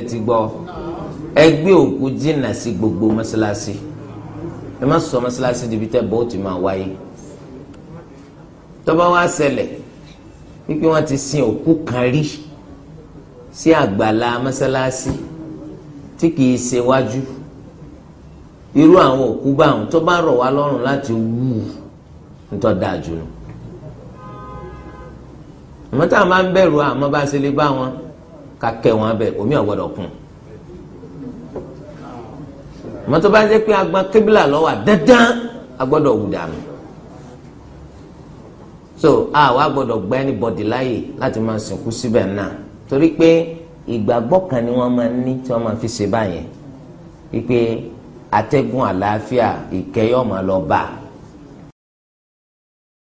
ẹ ti gbọ́ ẹ gbé òkú jìnnà sí gbogbo mọ́ṣáláṣí ẹ má sọ mọ́ṣáláṣí dibi tẹ́ bọ́ọ̀tì máa wáyé tọ́ba wá ṣẹlẹ̀ wípé wọ́n ti sin òkú kan rí sí àgbàlá mọ́ṣáláṣí tí kìí ṣe wájú irú àwọn òkú bá àwọn tó bá rọ̀ wá lọ́rùn láti wú nítọ́ dáa jù lọ àmọ́ tá a máa ń bẹ̀rù àmọ́ bá ṣe lè bá wọn kakẹ wọn bẹ omi ọgbọdọ kún mọtò bá jẹ pé agbọn kébìlà lọwọ dandan agbọdọ wù dànù so àwọn agbọdọ gba anybody láàyè láti máa sìnkú síbẹ̀ náà torí pé ìgbàgbọ́ kan ni wọ́n máa ń ní tí wọ́n máa fi ṣe báyẹn wípé atẹ́gùn àlàáfíà ìkẹyọ̀ máa lọ bá a.